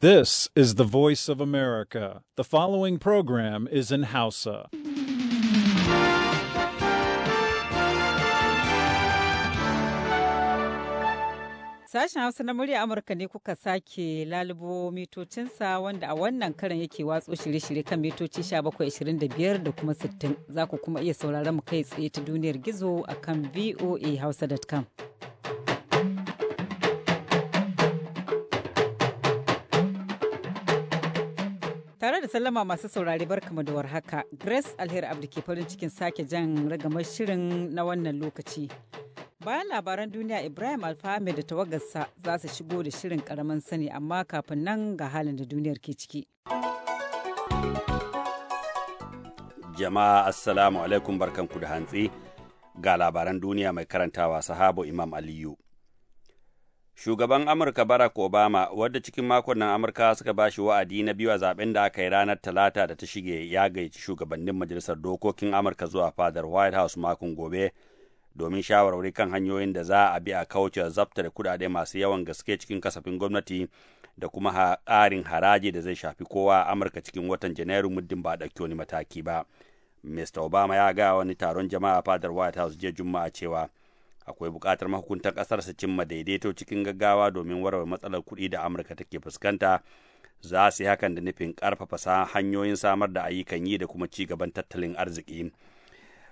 This is the voice of America. The following program is in Hausa. Sashen Hausa na murya Amurka ne kuka sake lalubo mitocinsa wanda a wannan karan yake watso shirye-shirye kan mitoci 1725 da kuma 60 za ku kuma iya sauraron mu kai tsaye ta duniyar gizo a kan voahausa.com. Tare da sallama masu saurare barkamu da warhaka, Grace Alheri abdu ke farin cikin sake jan ragamar shirin na wannan lokaci. Bayan labaran duniya Ibrahim Alfahame da tawagarsa za su shigo da shirin karamin sani amma kafin nan ga halin da duniyar ke ciki. Jama'a Assalamu alaikum barkanku da hantsi ga labaran duniya mai karantawa sahabo Imam Aliyu. Shugaban Amurka Barack Obama, wadda cikin makon nan Amurka suka ba shi wa'adi na biyu a zaben da aka yi ranar Talata da ta shige ya gayyaci shugabannin Majalisar Dokokin Amurka zuwa fadar White House makon gobe domin shawarwari kan hanyoyin da za a bi a kauce zabta da kudade masu yawan gaske cikin kasafin gwamnati da kuma ƙarin haraji da zai shafi kowa a Amurka cikin watan Janairu muddin ba ɗauki wani mataki ba. Mr. Obama ya ga wani taron jama'a fadar White House jiya Juma'a cewa akwai bukatar mahukuntar ƙasar su cimma daidaito cikin gaggawa domin warware matsalar kuɗi da amurka take fuskanta za su yi hakan da nufin ƙarfafa hanyoyin samar da ayyukan yi da kuma ci gaban tattalin arziki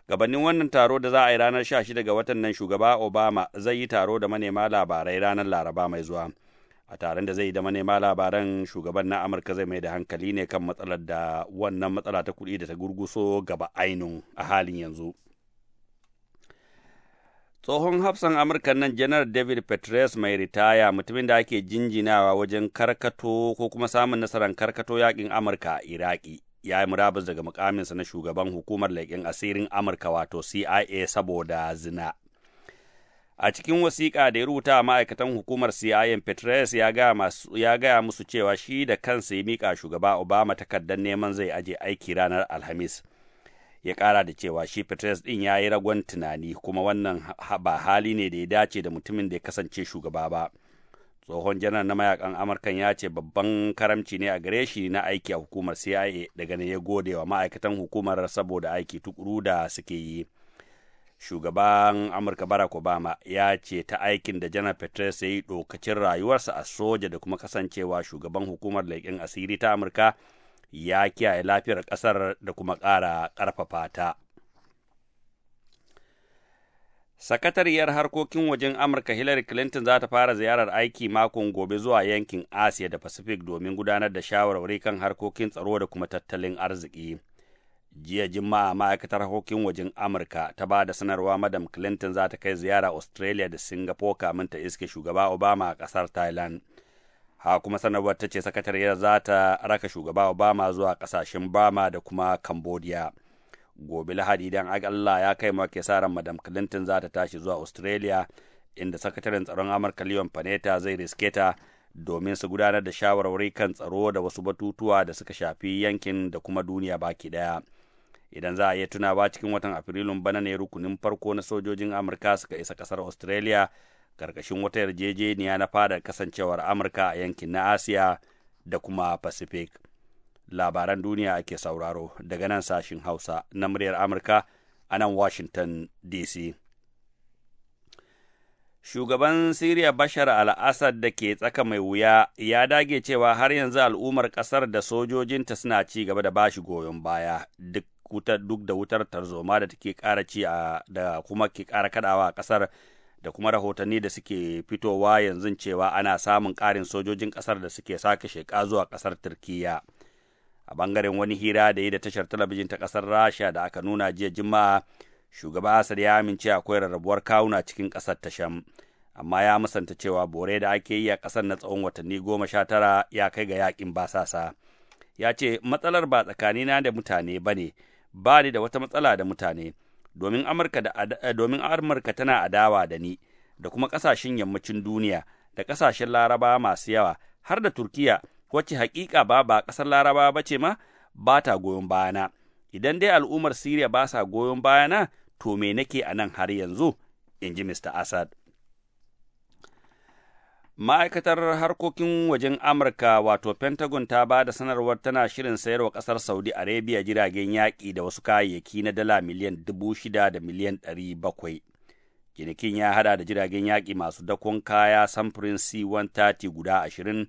gabanin wannan taro da za a yi ranar 16 ga watan nan shugaba obama zai yi taro da manema labarai ranar laraba mai zuwa a taron da zai yi da manema labaran shugaban na amurka zai mai da hankali ne kan matsalar da wannan matsala ta kuɗi da ta gurguso gaba ainun a halin yanzu Tsohon hafsan Amurka nan Janar David Petraeus mai ritaya mutumin da ake jinjinawa wajen karkato ko kuma samun nasarar karkato yakin Amurka a Iraki ya yi murabus daga mukaminsa na shugaban hukumar leƙen asirin Amurka wato CIA saboda zina. A cikin wasiƙa da ya rubuta ma'aikatan hukumar CIA Petraeus ya gaya musu cewa shi da kansa ya miƙa shugaba Obama takardar neman zai aje aiki ranar Alhamis. ya kara da cewa shi Petres din ya yi ragon tunani kuma wannan ba hali ne da ya dace da mutumin da ya kasance shugaba ba. Tsohon janar na mayakan Amurkan ya ce babban karamci ne a gare shi na aiki a hukumar CIA daga ne ya gode wa ma'aikatan hukumar saboda aiki tukuru da suke yi. Shugaban Amurka Barack Obama ya ce ta aikin da janar Petres ya yi dokacin rayuwarsa a soja da kuma kasancewa shugaban hukumar leƙen asiri ta Amurka ya kiyaye lafiyar ƙasar da kuma ƙara ƙarfafa ta. Sakatariyar harkokin wajen Amurka Hillary Clinton za ta fara ziyarar aiki makon gobe zuwa yankin Asiya da Pacific domin gudanar da shawarwari kan harkokin tsaro da kuma tattalin arziki. Jiya Juma'a ma'aikatar harkokin wajen Amurka ta ba da sanarwa Madam Clinton za ta kai ziyara Australia da Singapore kamin ta iske shugaba Obama a ƙasar Thailand. ha kuma sanarwar ta ce sakatariyar za ta raka shugaba obama zuwa kasashen bama da kuma cambodia gobe lahadi idan allah ya kai ke ran madam clinton za ta tashi zuwa australia inda sakataren tsaron amurka leon paneta zai riske ta domin su gudanar da shawarwari kan tsaro da wasu batutuwa da suka shafi yankin da kuma duniya baki daya idan za a iya tunawa cikin watan afrilun bana ne rukunin farko na sojojin amurka suka isa kasar australia ƙarƙashin wata yarjejeniya na fadar kasancewar amurka a yankin na asiya da kuma pacific labaran duniya ake sauraro daga nan sashin hausa na muryar amurka a nan washington dc shugaban Siriya Bashar al-Assad da ke tsaka mai wuya ya dage cewa har yanzu al'ummar ƙasar da sojojinta suna ci gaba da bashi goyon baya duk da wutar tarzoma da take ƙara ci da kuma ke ƙara kaɗawa a ƙasar da kuma rahotanni da suke fitowa yanzu cewa ana samun ƙarin sojojin ƙasar da suke sake sheƙa zuwa ƙasar Turkiyya. A bangaren wani hira da yi da tashar talabijin ta ƙasar Rasha da aka nuna jiya Juma'a, shugaba asar ya amince akwai rarrabuwar kawuna cikin ƙasar ta amma ya musanta cewa bore da ake yi a ƙasar na tsawon watanni goma sha tara ya kai ga yaƙin basasa. Ya ce matsalar ba tsakanina da mutane ba ne, ba ni da wata matsala da mutane. Eh, domin Amurka tana adawa da ni da kuma ƙasashen yammacin duniya da ƙasashen Laraba masu yawa har da Turkiya wacce hakika ba ba ƙasar Laraba ba ce ma ba ta goyon bayana. Idan dai al'ummar Siriya ba sa goyon bayana to me nake a nan har yanzu? Inji ji Mr. Assad. Ma'aikatar harkokin wajen Amurka wato Pentagon ta ba da sanarwar tana shirin sayarwa ƙasar Saudi Arabia jiragen yaƙi da wasu kayayyaki na dala miliyan dubu shida da miliyan ɗari bakwai. Ginikin ya hada da jiragen yaƙi masu dakon kaya samfurin C-130 guda ashirin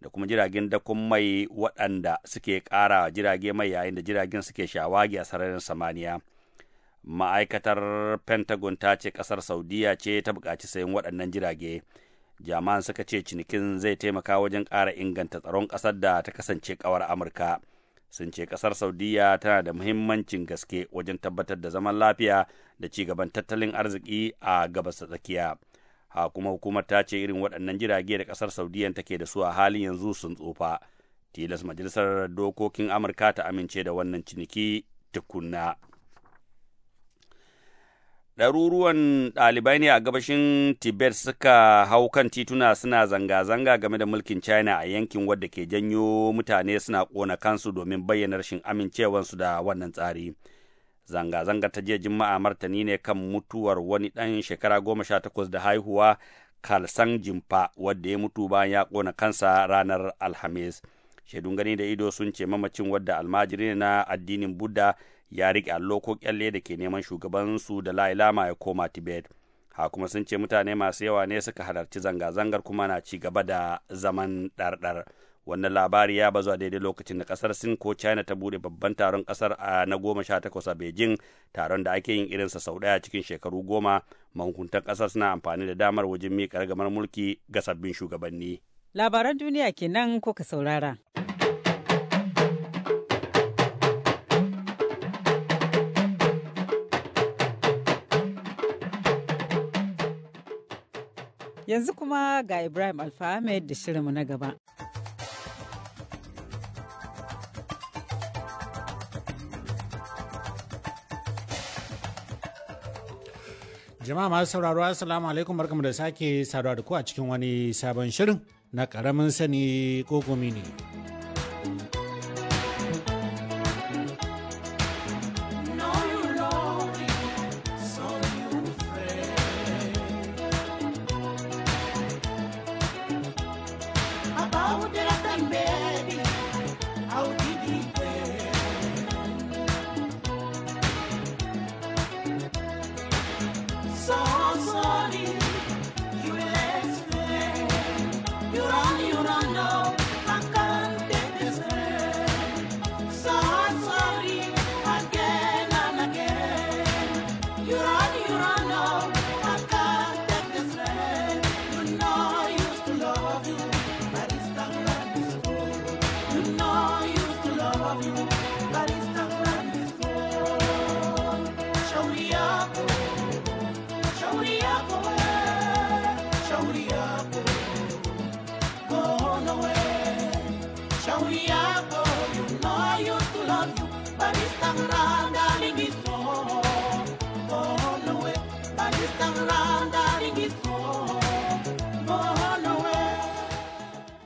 da kuma jiragen dakon mai waɗanda suke ƙara jirage mai yayin da jiragen suke shawagi a sararin samaniya. Ma'aikatar Pentagon ta ce ƙasar Saudiya ce ta buƙaci sayan waɗannan jirage. jama'an suka ce cinikin zai taimaka wajen ƙara inganta tsaron ƙasar da ta kasance ƙawar amurka sun ce ƙasar saudiya tana da muhimmancin gaske wajen tabbatar da zaman lafiya da ci gaban tattalin arziki a gabas tsakiya ha kuma hukumar ta ce irin waɗannan jirage da ƙasar saudiya take da su a halin yanzu sun tsufa tilas majalisar dokokin amurka ta amince da wannan ciniki tukunna. ɗaruruwan ɗalibai ne a gabashin Tibet suka hau kan tituna suna zanga-zanga game da mulkin China a yankin wadda ke janyo mutane suna ƙona kansu domin bayyana rashin amincewarsu da wannan tsari. Zanga-zanga ta jiya Juma'a martani ne kan mutuwar wani ɗan shekara goma sha takwas da haihuwa Kalsan Jimfa wadda ya mutu bayan ya ƙona kansa ranar Alhamis. Shaidun gani da ido sun ce mamacin wadda almajiri na addinin Buddha ya riƙe allo ko kyalle da ke neman shugabansu da la'ilama ya koma tibet ha kuma sun ce mutane masu yawa ne suka halarci zanga-zangar kuma na ci gaba da zaman ɗarɗar wannan labari ya bazu a daidai lokacin da ƙasar sin ko china ta buɗe babban taron ƙasar a na goma sha takwas a beijing taron da ake yin irinsa sau ɗaya cikin shekaru goma mahukuntan ƙasar suna amfani da damar wajen miƙa ragamar mulki ga sabbin shugabanni labaran duniya kenan ka saurara. Yanzu kuma ga Ibrahim Alfa da shirinmu na gaba. Jama'a masu sauraro Assalamu alaikum barkamu da sake saduwa da ku a cikin wani sabon shirin na ƙaramin sani ko gumi ne.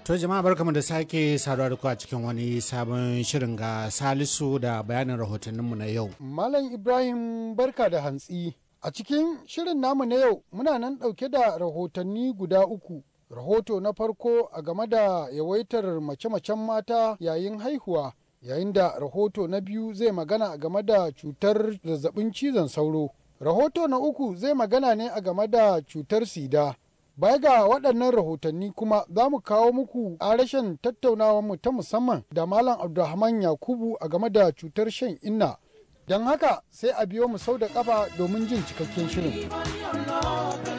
To jama'a barkamu da sake saduwa da ku a cikin wani sabon shirin ga Salisu da bayanin rahotanninmu na yau. Malam Ibrahim barka da hantsi. A cikin shirin namu na yau muna nan ɗauke da rahotanni guda uku. Rahoto na farko a game da yawaitar mace-macen mata yayin haihuwa yayin da rahoto na biyu zai magana a game da cutar zazzabin cizon sauro. Rahoto na uku zai magana ne a game da cutar sida. Baya ga waɗannan rahotanni kuma za mu kawo muku rashin tattaunawar mu ta musamman da Malam Abdulrahman Yakubu a game da cutar shan inna. Don haka sai a biyo mu sau da ƙafa domin jin cikakken shirin.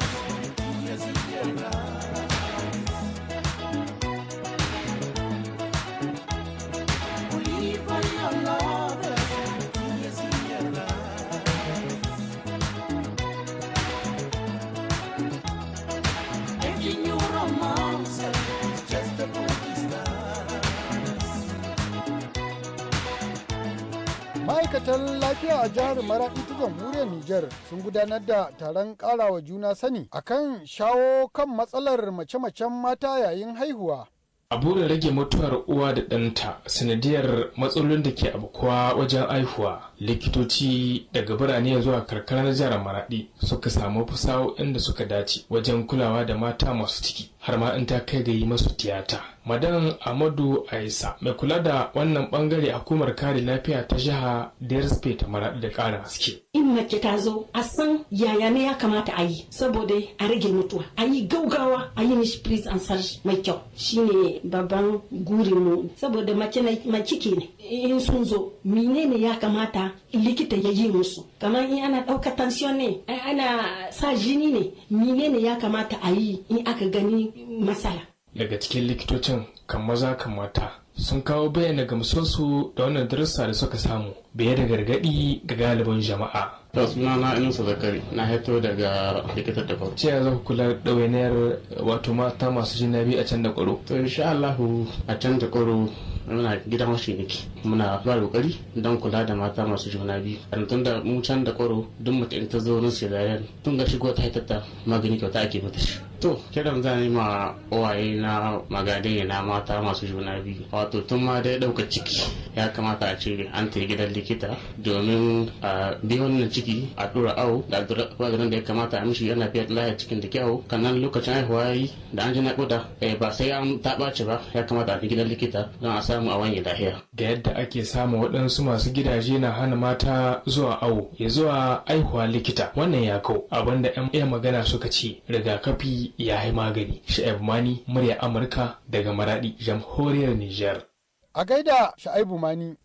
ma'aikatan lafiya a jihar Maraɗi ta jamhuriyar Nijar sun gudanar da taron ƙarawa juna sani akan shawo kan matsalar mace-macen mata yayin haihuwa. a burin rage mutuwar uwa da ɗanta sanadiyar matsalolin da ke abukuwa wajen haihuwa likitoci daga birane zuwa karkarar jihar maraɗi suka samu fasaho inda suka dace wajen kulawa da mata masu ciki har ma in ta kai ga yi masu tiyata. Madan Amadu Aisa mai kula da wannan bangare a hukumar kare lafiya ta jiha Derspe ta mara da ƙara haske. In mace ta zo a san yaya ne ya kamata a yi saboda a rage mutuwa a yi gaugawa a yi mishi please ansar mai kyau shi ne babban guri mu saboda mace ciki ne in sun zo ne ya kamata likita ya yi musu kamar in ana ɗaukar tension ne ana sa jini ne ne ya kamata a yi in aka gani matsala. Daga cikin likitocin kan maza kan mata sun kawo bayyana gamsuwarsu da wannan darussa da suka samu biye da gargaɗi ga galibin jama'a. ta suna na inusa zakari na haito daga likitar da kwaro. Ciyar za ku kula ɗawainiyar wato mata masu jina biyu a can da kwaro. To insha Allahu a can da kwaro muna gidan mashi niki muna ba kokari don kula da mata masu juna biyu a tun da mu can da kwaro duk mutum ta zo nan sai da tun ga shigo ta haitata magani kyauta ake mata shi. To, kiran zani ma uwaye na magadai na mata masu juna biyu. Wato tun ma dai ɗauka ciki ya kamata a ce an ta gidan likita domin a bi wannan ciki a ɗora awo da ɗora da ya kamata a mishi yana fiye da cikin da kyau. Kannan lokacin haihuwa yi da an ji na ƙuda eh, ba sai an ta ɓaci ba ya kamata a fi gidan likita don a samu a wani lahiya. Da yadda ake samun waɗansu masu gidaje na hana mata zuwa awo ya zuwa aihuwa likita wannan ya kau abinda 'yan magana suka ce rigakafi ya yi magani sha'ib mani murya amurka daga maradi jamhuriyar niger a gaida sha'ibu mani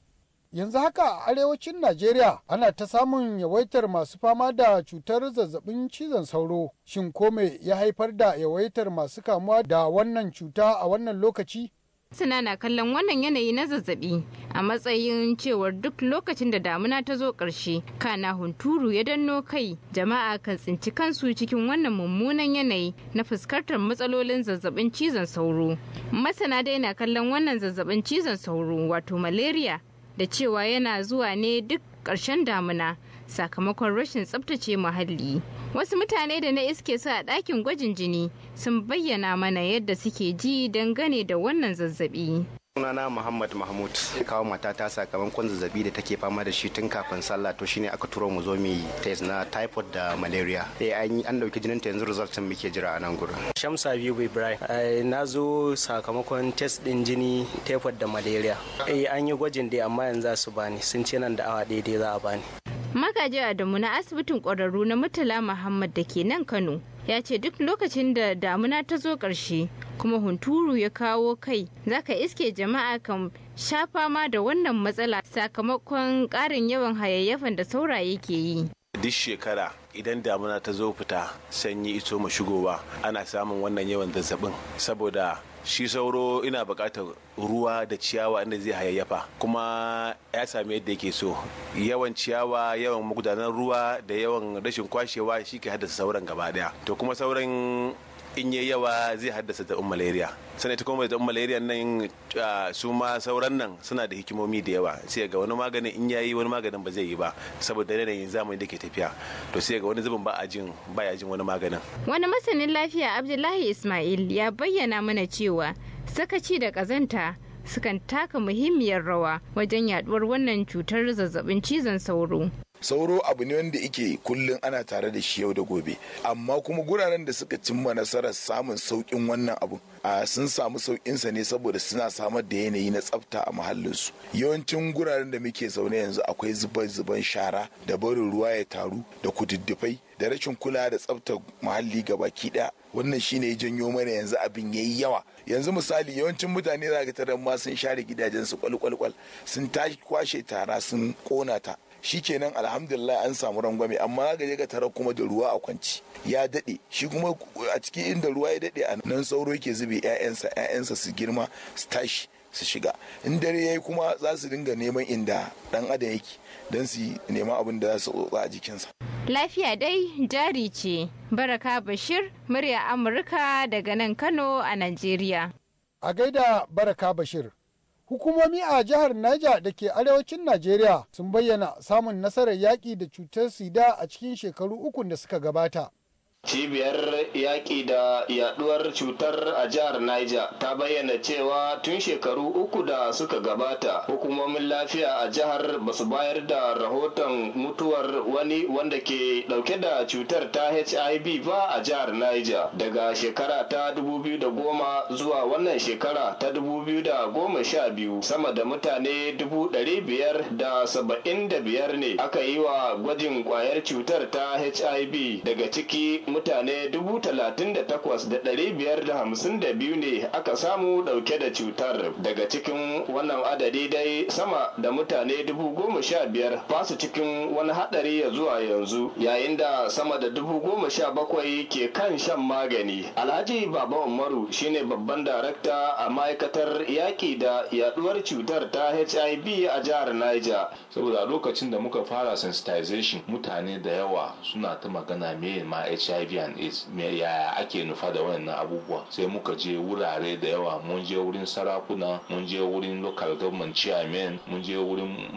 yanzu haka a arewacin najeriya ana ta samun yawaitar masu fama da cutar zazzabin cizon sauro shin kome ya haifar da yawaitar masu kamuwa da wannan cuta a wannan lokaci masana na kallon wannan yanayi na zazzabi a matsayin cewar duk lokacin da damuna ta zo ƙarshe kana hunturu ya danno kai jama'a kan tsinci kansu cikin wannan mummunan yanayi na fuskantar matsalolin zazzabin cizon sauro. Masana dai na kallon wannan zazzabin cizon sauro wato malaria da cewa yana zuwa ne duk ƙarshen damuna sakamakon rashin tsabtace muhalli. Wasu mutane da na iske su a ɗakin gwajin jini sun bayyana mana yadda suke ji dangane da wannan zazzabi. sunana muhammad mahmud kawo matata sakamakon zazzabi da take fama da shi tun kafin sallah to shine aka turo mu zo mu yi test na typhoid da malaria eh an an dauki jinin ta yanzu result din muke jira a nan gurin shamsa biyu ibrahim eh, na zo sakamakon test din jini typhoid da malaria eh an yi gwajin dai amma yanzu su bani sun ce nan da awa daidai za a bani magaji adamu na asibitin ƙwararru na murtala muhammad da ke nan kano ya ce duk lokacin da damuna ta zo ƙarshe kuma hunturu ya kawo kai zaka iske jama'a kan shafa ma da wannan matsala sakamakon ƙarin yawan hayayyafan da sauraye ke yi duk shekara idan damuna ta zo fita sanyi iso ma shigowa ana samun wannan yawan zazzabin saboda shi sauro ina bukatar ruwa da ciyawa inda zai hayayyafa kuma ya sami yadda yake so yawan ciyawa yawan magudanar ruwa da yawan rashin kwashewa shi ke haddasa sauran gaba daya to kuma sauran in yi yawa zai haddasa zaɓin malaria sanai ta kuma zaɓin malaria nan su ma sauran nan suna da hikimomi da yawa sai ga wani maganin in yayi wani maganin ba zai yi ba saboda yanayin zamani da ke tafiya to sai ga wani zubin ba a jin ba ya jin wani maganin wani masanin lafiya abdullahi ismail ya bayyana mana cewa sakaci da ƙazanta sukan taka muhimmiyar rawa wajen yaduwar wannan cutar zazzabin cizon sauro. sauro abu ne wanda ike kullum ana tare da shi yau da gobe amma kuma guraren da suka cimma nasarar samun saukin wannan abu a sun samu sauƙinsa ne saboda suna samar da yanayi na tsafta a muhallinsu yawancin guraren da muke zaune yanzu akwai zuban zuban shara da barin ruwa ya taru da kududdufai da rashin kula da tsaftar muhalli gabaki daya wannan shine ya janyo mana yanzu abin yayi yawa yanzu misali yawancin mutane za ka tarar ma sun share gidajensu kwalkwalkwal sun tashi kwashe tara sun kona ta shikenan alhamdulillah an samu rangwame amma ga ga tara kuma da ruwa a kwanci ya dade shi kuma a cikin inda ruwa ya dade a nan sauro yake zube 'ya'yansa 'ya'yansa su girma su tashi su shiga in dare yayi kuma za su dinga neman inda dan adam yake don su nema abin da za su tsotsa a jikinsa lafiya dai jari ce baraka bashir murya amurka daga nan kano a nigeria. a gaida baraka bashir Hukumomi a jihar Niger da ke arewacin nigeria sun bayyana samun nasarar yaƙi da cutar sida a cikin shekaru ukun da suka gabata. Cibiyar yaƙi da yaɗuwar cutar a jihar Niger ta bayyana cewa tun shekaru uku da suka gabata hukumomin lafiya a jihar basu bayar da rahoton mutuwar wani wanda ke ɗauke da cutar ta HIV ba a jihar Niger daga shekara ta 2010 zuwa wannan shekara ta 2012 sama da mutane 575 ne aka yi wa gwajin kwayar cutar ta HIV daga ciki mutane dubu talatin biyu ne aka samu ɗauke da cutar daga cikin wannan adadi dai sama da mutane dubu goma sha biyar basu cikin wani haɗari ya zuwa yanzu yayin da sama da dubu sha bakwai ke kan shan magani alhaji baba umaru shine babban darakta a ma'aikatar yaƙi da yaɗuwar cutar ta hiv a jihar niger saboda lokacin da muka fara sensitization mutane da yawa suna ta magana me ma hiv guardian is yaya ake nufa da wannan abubuwa sai muka je wurare da yawa mun je wurin sarakuna mun je wurin local government chairman mun je wurin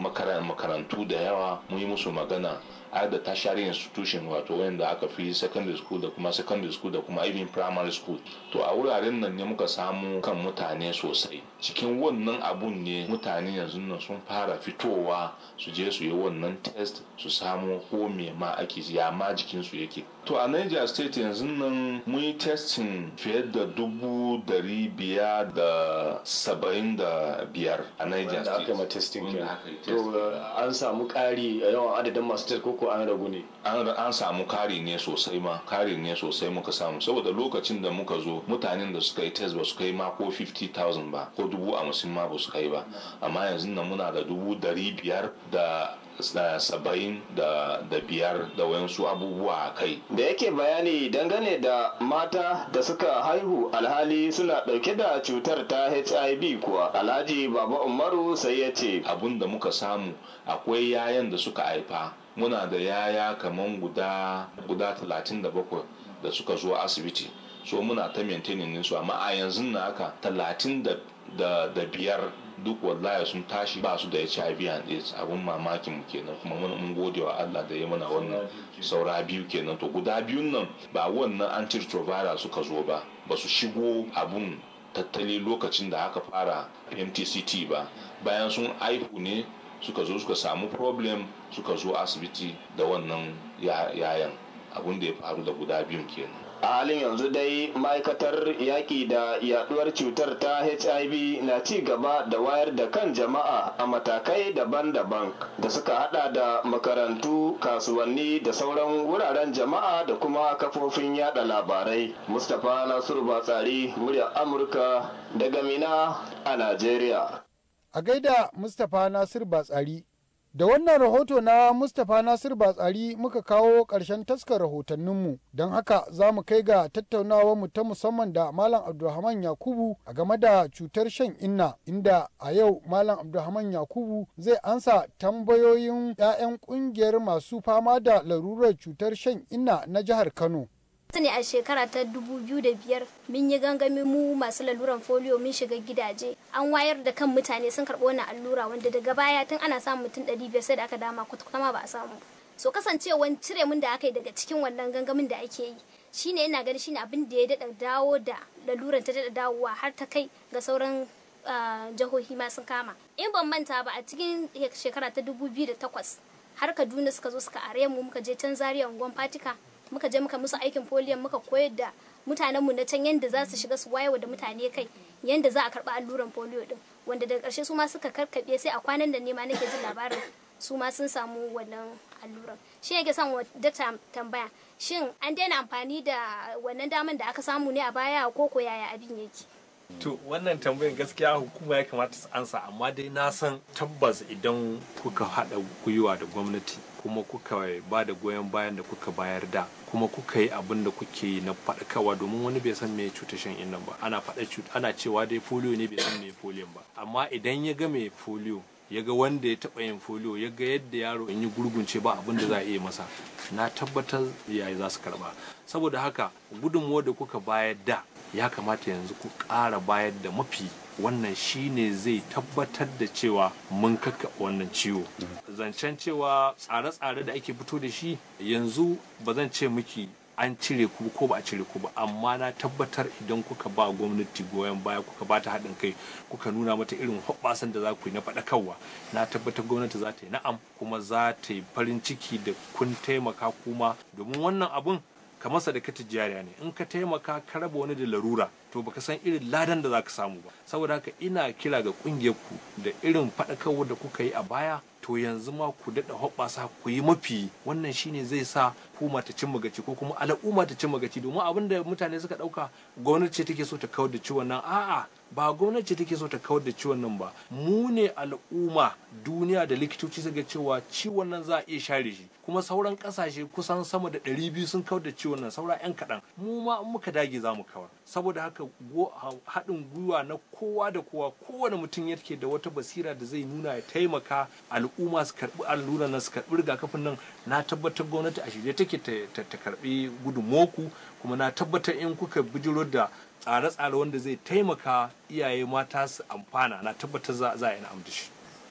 makarantu da yawa mun yi musu magana har da tertiary institution wato wayanda aka fi secondary school da kuma secondary school da kuma even primary school to a wuraren nan ne muka samu kan mutane sosai cikin wannan abun ne mutane yanzu nan sun fara fitowa su je su yi wannan test su samu ko me ma ake ya ma jikinsu yake to a niger state yanzu nan mun yi testing fiye da dubu dari biyar da saba'in da biyar a niger state an samu a yawan adadin masu test ko ko an ragu ne an samu kari ne sosai ma kari ne sosai muka samu saboda lokacin da muka zo mutanen da suka yi test ba su kai ma ko 50,000 ba ko dubu hamsin ma ba su kai ba amma yanzu nan muna da dubu dari biyar da saba'in da biyar da wayansu abubuwa a kai. Da yake bayani dangane da mata da suka haihu alhali suna ɗauke da cutar ta HIV kuwa Alhaji Baba Umaru sai ya ce. Abun da muka samu akwai yayan da suka haifa muna da yaya kaman guda talatin da bakwai da suka zo asibiti so muna ta maintaining su amma a yanzu na haka biyar duk wallahi sun tashi ba su da HIV and AIDS abun mamakin mu kenan kuma mun gode wa Allah da ya mana wannan saura biyu kenan to guda biyun nan ba wannan antiretroviral suka zo ba ba su shigo abun tattali lokacin da aka fara MTCT ba bayan sun aihu ne suka zo suka samu problem suka zo asibiti da wannan yayan abun da ya faru da guda biyun kenan a halin yanzu dai ma'aikatar yaƙi da yaduwar cutar ta hiv na ci gaba da wayar da kan jama'a a matakai daban-daban da suka hada da makarantu kasuwanni da sauran wuraren jama'a da kuma kafofin yada labarai mustapha nasiru batsari muryar amurka daga mina a najeriya a gaida Mustapha Nasir Batsari. Da wannan rahoto na Mustapha Nasir Batsari muka kawo ƙarshen taskar rahotanninmu, don haka za mu kai ga tattaunawar mu ta musamman da Malam Abdulrahman Yakubu a game da cutar shan inna, inda a yau Malam Abdulrahman Yakubu zai ansa tambayoyin 'ya'yan ƙungiyar masu fama da larurar cutar shan inna na jihar Kano. ne a shekara ta biyar mun yi gangamin mu masu laluran folio mun shiga gidaje an wayar da kan mutane sun karɓi wannan allura wanda daga baya tun ana samun mutum 500 sai da aka dama kwatakwata ba a samu so kasancewar cire mun da aka yi daga cikin wannan gangamin da ake yi shine yana gani shine abin da ya daɗa dawo da laluran ta daɗa dawowa har ta kai ga sauran jahohi ma sun kama in ban manta ba a cikin shekara ta 2008 har kaduna suka zo suka are mu muka je can zariya unguwan fatika muka je muka musu aikin foliyon muka koyar da mutanenmu na can yanda za su shiga su wayewa da mutane kai yanda za a karba alluran foliyo din wanda daga karshe su ma suka karkabe sai a kwanan da ne nake jin labarin su ma sun samu wannan alluran shi yake son da tambaya shin an daina amfani da wannan daman da aka samu ne a baya ko ko yaya abin yake to wannan tambayan gaskiya hukuma ya kamata su ansa amma dai na san tabbas idan kuka haɗa gwiwa da gwamnati kuma kuka ba da goyon bayan da kuka bayar da kuma kuka yi abin da kuke yi na faɗakawa domin wani bai san me cutar shan innan ba ana faɗa ana cewa dai folio ne bai san me polio ba amma idan ya ga mai foliyo ya ga wanda ya taɓa yin foliyo ya ga yadda yaro in yi gurgunce ba abin da za a iya masa na tabbatar yayi za su karba saboda haka gudunmuwa da kuka bayar da ya kamata yanzu ku ƙara bayar da mafi wannan shine zai tabbatar da cewa mun kaka wannan ciwo zancen cewa tsare-tsare da ake fito da shi yanzu ba zan ce miki an cire ku ko ba a cire ku ba amma na tabbatar idan kuka ba gwamnati goyon baya kuka ba ta haɗin kai kuka nuna mata irin hoɓɓasan da za ku yi na faɗakarwa na tabbatar gwamnati za ta yi na'am kuma za ta yi farin ciki da kun taimaka kuma domin wannan abun kamar ka jariya ne in ka taimaka ka raba wani da larura to baka san irin ladan da zaka samu ba saboda haka ina kira ga kungiyar ku da irin fadakarwa da kuka yi a baya to yanzu ma ku daɗa hoɓɓasa ku yi mafi wannan shine zai sa ku ta cimma gaci ko kuma al'umma ta cimma gaci domin abin da mutane suka ɗauka gwamnati ce take so ta kawar da ciwon nan a'a ba gwamnati take so ta kawar da ciwon nan ba mu ne al'umma duniya da likitoci suka cewa ciwon nan za a iya share shi kuma sauran kasashe kusan sama da 200 sun kawar da ciwon nan saura 'yan kaɗan mu ma in muka dage za mu kawar saboda haka haɗin gwiwa na kowa da kowa kowane mutum yake da wata basira da zai nuna ya taimaka al'umma su karɓi allura na su karɓi rigakafin nan na tabbatar gwamnati a shirye take ta karɓi gudunmoku kuma na tabbatar in kuka bijiro da tsare-tsare wanda zai taimaka iyaye mata su amfana na tabbatar za a yi na'am shi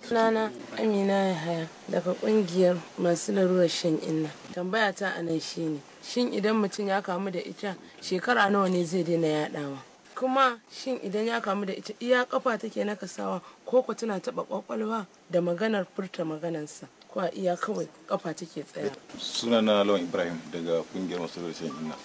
sunana amina yahaya daga kungiyar masu larurar shan inna tambaya ta a nan ne, shin idan mutum ya kamu da ita shekara nawa ne zai daina yaɗawa? kuma shin idan ya kamu da ita iya kafa take nakasawa ko ku tana taba kwakwalwa da maganar furta maganarsa ko a iya kawai kafa take tsaya sunana lawan ibrahim daga kungiyar masu larurar shan inna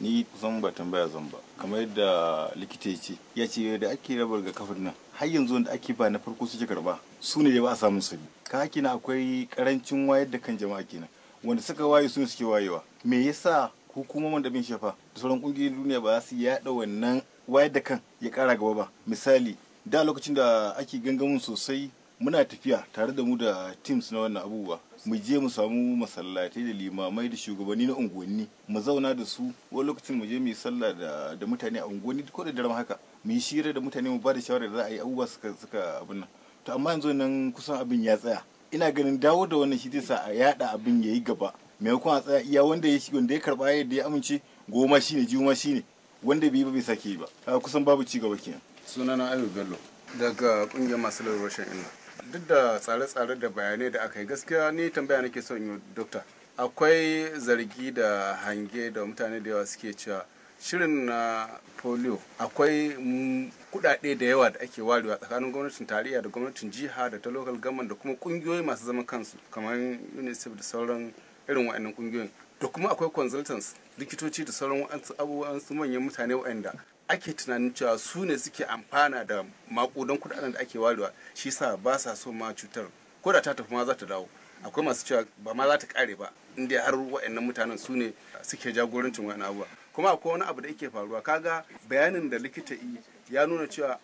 ni kusan ba tambaya zan ba kamar yadda likita ya ce ya ce da ake rabar ga kafin nan har yanzu wanda ake ba na farko suke karba su ne da ba a samun sani. ka haki na akwai karancin wayar da kan jama'a kenan wanda suka waye su ne suke wayewa me yasa hukumomin da bin shafa da sauran kungiyoyin duniya ba za su yaɗa wannan wayar da kan ya kara gaba ba misali da lokacin da ake gangamin sosai muna tafiya tare da mu da teams na wannan abubuwa mu je mu samu masallatai da limamai da shugabanni na unguwanni mu zauna da su wani lokacin mu je mu yi sallah da mutane a unguwanni ko da daren haka mu yi shira da mutane mu ba da shawara da za a yi abubuwa suka suka abin nan to amma yanzu nan kusan abin ya tsaya ina ganin dawo da wannan shi zai sa a yada abin yayi gaba maimakon a tsaya iya wanda ya wanda ya karba yadda ya amince goma shine juma shine wanda bai ba bai sake yi ba kusan babu ci gaba kenan sunana Ayu Bello daga kungiyar masu lalurashin illa duk da tsare-tsare da bayanai da aka yi gaskiya ni tambaya nake son yi dokta akwai zargi da hange da mutane da yawa suke cewa shirin na polio akwai kudade da yawa da ake warewa tsakanin gwamnatin tarayya da gwamnatin jiha da ta local government da kuma kungiyoyi masu zaman kansu kamar unicef da sauran irin waɗannan kungiyoyin da kuma akwai consultants likitoci da sauran abubuwan su manyan mutane waɗanda ake tunanin cewa su ne suke amfana da makudan kudaden da ake warewa shi sa ba sa so ma cutar ko da ta tafi ma za ta dawo akwai masu cewa ba ma za ta kare ba inda har wa'annan mutanen su ne suke jagorancin wani abuwa kuma akwai wani abu da yake faruwa kaga bayanin da likita yi ya nuna cewa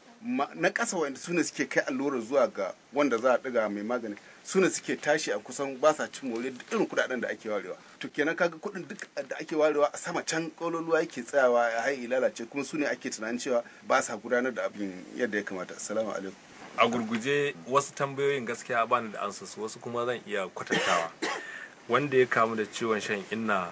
na kasa wa'anda su ne suke kai allurar zuwa ga wanda za a ɗiga mai magani su ne suke tashi a kusan ba sa cin more duk irin kudaden da ake warewa to kenan kaga kudin duk da ake warewa a sama can kololuwa yake tsayawa a hayi lalace kuma su ne ake tunanin cewa ba sa gudanar da abin yadda ya kamata assalamu alaikum a gurguje wasu tambayoyin gaskiya bani da ansa wasu kuma zan iya kwatantawa wanda ya kamu da ciwon shan inna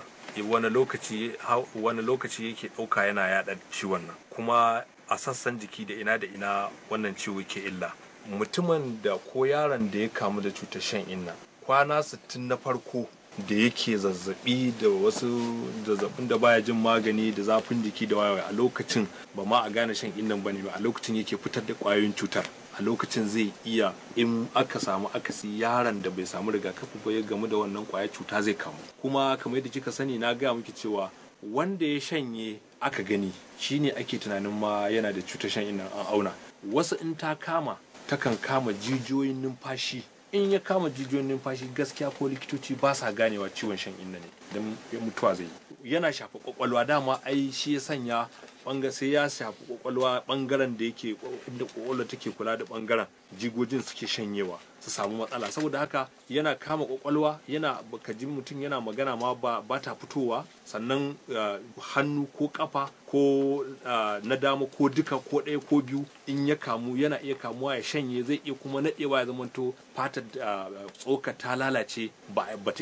wani lokaci wani lokaci yake dauka yana yada ciwon nan kuma a sassan jiki da ina da ina wannan ciwo ke illa mutumin da ko yaron da ya kamu da cutar shan inna kwana 60 na farko da yake zazzabi da wasu zazzabin da baya jin magani da zafin jiki da wayewa a lokacin ba ma a gane shan innan bane ba a lokacin yake fitar da kwayoyin cutar a lokacin zai iya in aka samu akasi yaron da bai samu rigakafi ba ya gamu da wannan kwayar cuta zai kamu kuma kamar yadda kika sani na gaya miki cewa wanda ya shanye aka gani shine ake tunanin ma yana da cutar shan innan an auna wasu in ta kama takan kama jijiyoyin numfashi in ya kama jijiyoyin numfashi gaskiya ko likitoci ba sa ganewa ciwon shan inna ne don mutuwa zai yana shafa kwakwalwa dama ai shi ya sanya ɓangare sai ya shafi kwakwalwa bangaren da yake inda kwakwalwa take kula da bangaren jigojin suke shanyewa su samu matsala saboda haka yana kama kwakwalwa yana ka ji mutum yana magana ma ba ta fitowa sannan eh, hannu ko kafa ko eh, na dama ko duka ko ɗaya ko biyu in ya kamu yana iya kamuwa ya shanye zai iya kuma naɗewa ya zamanto fatar eh, tsoka ta lalace ba za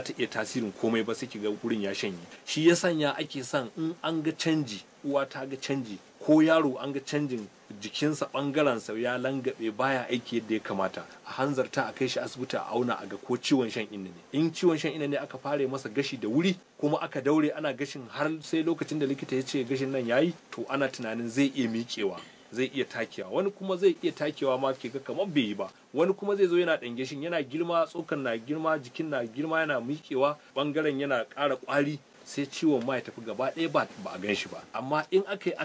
ta iya tasirin komai ba sai ki ga wurin ya shanye shi ya sanya ake san in an ga canji uwa ta ga canji ko yaro an ga canjin jikinsa bangaren sa ya langabe baya aiki yadda ya kamata a hanzarta a kai shi asibiti a auna a ga ko ciwon shan inna ne in ciwon shan inna ne aka fara masa gashi da wuri kuma aka daure ana gashin har sai lokacin da likita ya ce gashin nan yayi to ana tunanin zai iya miƙewa zai iya takewa wani kuma zai iya takewa ma ke ga kamar bai yi ba wani kuma zai zo yana dange shin yana girma tsokan na girma jikin na girma yana miƙewa bangaren yana ƙara ƙwari sai ciwon ma ya tafi gaba ɗaya ba a gan shi ba amma in aka yi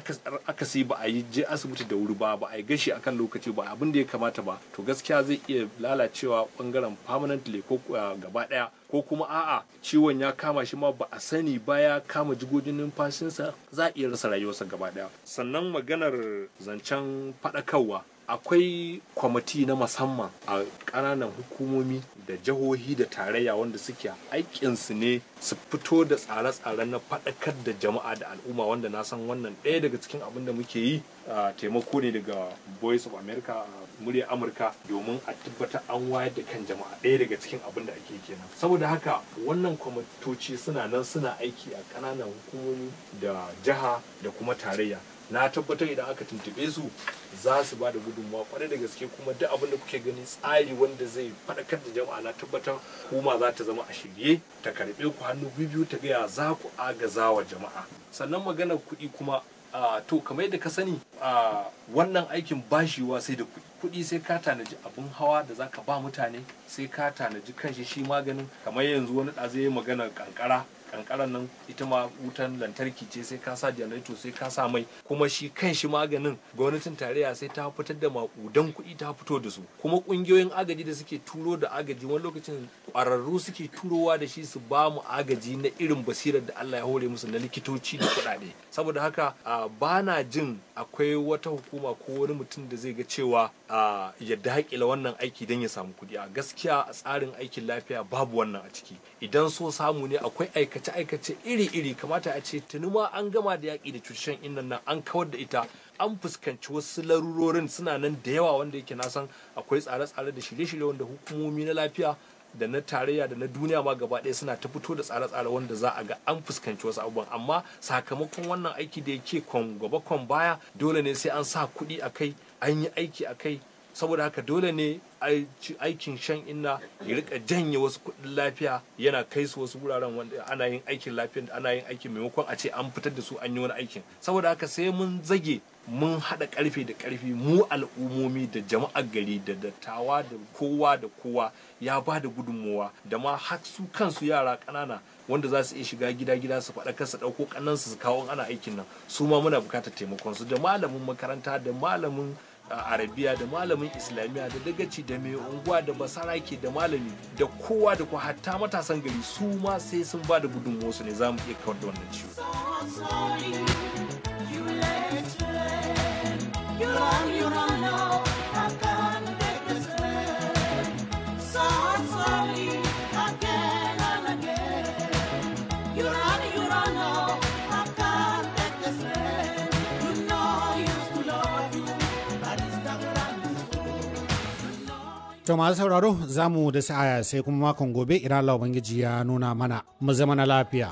akasi ba a yi je asibiti da wuri ba ba a yi gashi akan lokaci ba abin da ya kamata ba to gaskiya zai iya lalacewa bangaren permanently ko eh, gaba ɗaya ko kuma a'a ciwon ya kama shi ma ba a sani ba ya kama jigojin numfashinsa za a iya rasa rayuwarsa gaba ɗaya sannan maganar zancen faɗakarwa akwai kwamiti na musamman a ƙananan hukumomi da jihohi da tarayya wanda suke aikinsu ne su fito da tsare-tsare na faɗakar da jama'a da al'umma wanda na san wannan ɗaya daga cikin abin da muke yi a taimako ne daga voice of america murya amurka domin a tabbatar an wayar da kan jama'a ɗaya daga cikin abin da ake kenan saboda haka wannan kwamitoci suna nan suna aiki a ƙananan hukumomi da jiha da kuma tarayya na tabbatar idan aka tuntube su za su ba da gudunmawa kwarai da gaske kuma duk abin da kuke gani tsari wanda zai faɗakar da jama'a na tabbatar kuma za ta zama a shirye ta karɓe ku hannu biyu ta gaya za ku agaza wa jama'a sannan maganar kuɗi kuma to kamar yadda ka sani a wannan aikin bashiwa sai da kuɗi kuɗi sai ka tanaji abin hawa da zaka ba mutane sai ka tanaji kanshi shi maganin kamar yanzu wani ɗazu zai yi maganar kankara kankaran nan ita ma wutan lantarki ce sai ka sa janareto sai ka sa mai kuma shi kan shi maganin gwamnatin tarayya sai ta fitar da makudan kuɗi ta fito da su kuma ƙungiyoyin agaji da suke turo da agaji wani lokacin ƙwararru suke turowa da shi su ba mu agaji na irin basirar da Allah ya hore musu na likitoci da kuɗaɗe saboda haka ba na jin akwai wata hukuma ko wani mutum da zai ga cewa ya daƙila wannan aiki don ya samu kuɗi a gaskiya a tsarin aikin lafiya babu wannan a ciki idan so samu ne akwai aikata. aikace-aikace iri-iri kamata a ce tuni ma an gama da yaƙi da cutar innan nan an kawar da ita an fuskanci wasu larurorin suna nan da yawa wanda yake na san akwai tsare-tsare da shirye-shirye wanda hukumomi na lafiya da na tarayya da na duniya ma gaba ɗaya suna ta fito da tsare-tsare wanda za a ga an fuskanci wasu abubuwan amma sakamakon wannan aiki da yake kwan gaba kwan baya dole ne sai an sa kuɗi a kai an yi aiki a kai saboda haka dole ne aikin shan inna ya rika janye wasu kudin lafiya yana kai su wasu wuraren wanda ana yin aikin lafiya ana yin aikin maimakon a ce an fitar da su an yi wani aikin saboda haka sai mun zage mun haɗa karfe da karfe mu al'ummomi da jama'a gari da dattawa da kowa da kowa ya ba da gudunmowa da ma har su kansu yara ƙanana wanda za su iya shiga gida-gida su faɗa su ɗauko ƙannansu su kawo ana aikin nan su ma muna bukatar taimakon su da malamin makaranta da malamin arabiya da malamin islamiyya da dagaci da mai unguwa da basarake da malami da kowa da ku hatta matasan gari su ma sai sun ba da su ne za mu iya kawar da wannan ciwo To masu sauraro za mu da sa'aya sai kuma makon gobe idan Allah Ubangiji ya nuna mana mu zama na lafiya.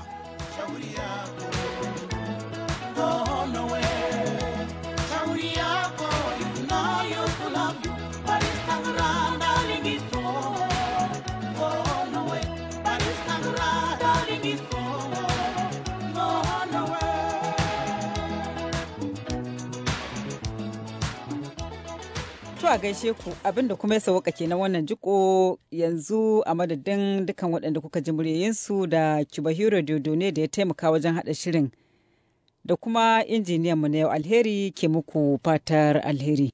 a gaishe ku abinda kuma ya sauka ke na wannan jiko yanzu a madadin dukan waɗanda kuka ji muryoyinsu da Kibahiro ne da ya taimaka wajen haɗa shirin da kuma injiniyan mu na yau alheri ke muku fatar alheri.